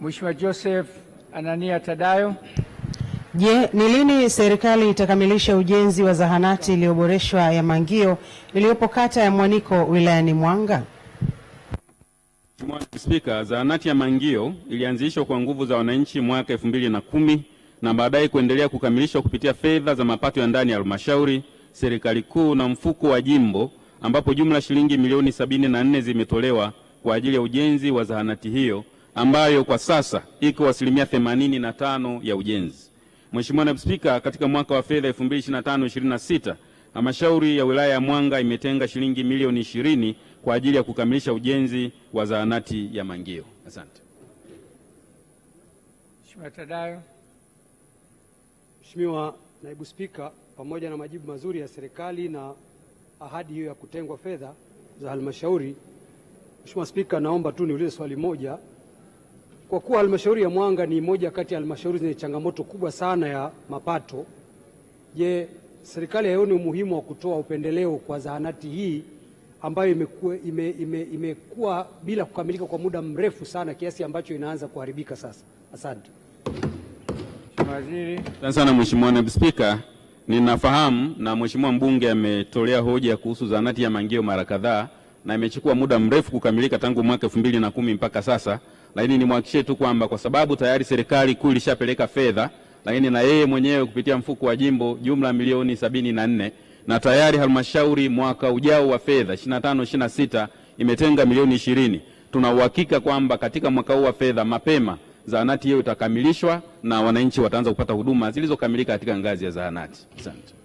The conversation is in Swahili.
Mheshimiwa Joseph Anania Tadayo. Je, ni lini serikali itakamilisha ujenzi wa zahanati iliyoboreshwa ya Mangio iliyopo kata ya Mwaniko wilayani Mwanga? Mheshimiwa Spika, zahanati ya Mangio ilianzishwa kwa nguvu za wananchi mwaka elfu mbili na kumi na baadaye kuendelea kukamilishwa kupitia fedha za mapato ya ndani ya halmashauri, serikali kuu na mfuko wa jimbo, ambapo jumla shilingi milioni sabini na nne zimetolewa kwa ajili ya ujenzi wa zahanati hiyo ambayo kwa sasa iko asilimia themanini na tano ya ujenzi. Mheshimiwa Naibu Spika, katika mwaka wa fedha 2025/26 halmashauri ya wilaya ya Mwanga imetenga shilingi milioni ishirini kwa ajili ya kukamilisha ujenzi wa zahanati ya Mangio. Asante. Mheshimiwa Tadayo. Mheshimiwa Naibu Spika, pamoja na majibu mazuri ya serikali na ahadi hiyo ya kutengwa fedha za halmashauri, Mheshimiwa Spika, naomba tu niulize swali moja kwa kuwa halmashauri ya Mwanga ni moja kati ya halmashauri zenye changamoto kubwa sana ya mapato, je, serikali haioni umuhimu wa kutoa upendeleo kwa zahanati hii ambayo imekuwa ime, ime, ime bila kukamilika kwa muda mrefu sana kiasi ambacho inaanza kuharibika sasa? Asante. Asante sana Mheshimiwa Naibu Spika, ninafahamu na Mheshimiwa mbunge ametolea hoja kuhusu zahanati ya Mangio mara kadhaa na imechukua muda mrefu kukamilika tangu mwaka elfu mbili na kumi mpaka sasa, lakini nimwahakikishie tu kwamba kwa sababu tayari serikali kuu ilishapeleka fedha, lakini na yeye mwenyewe kupitia mfuko wa jimbo jumla milioni sabini na nne na tayari halmashauri mwaka ujao wa fedha 25 26 imetenga milioni ishirini. Tuna uhakika kwamba katika mwaka huu wa fedha mapema zahanati hiyo itakamilishwa na wananchi wataanza kupata huduma zilizokamilika katika ngazi ya zahanati. Asante.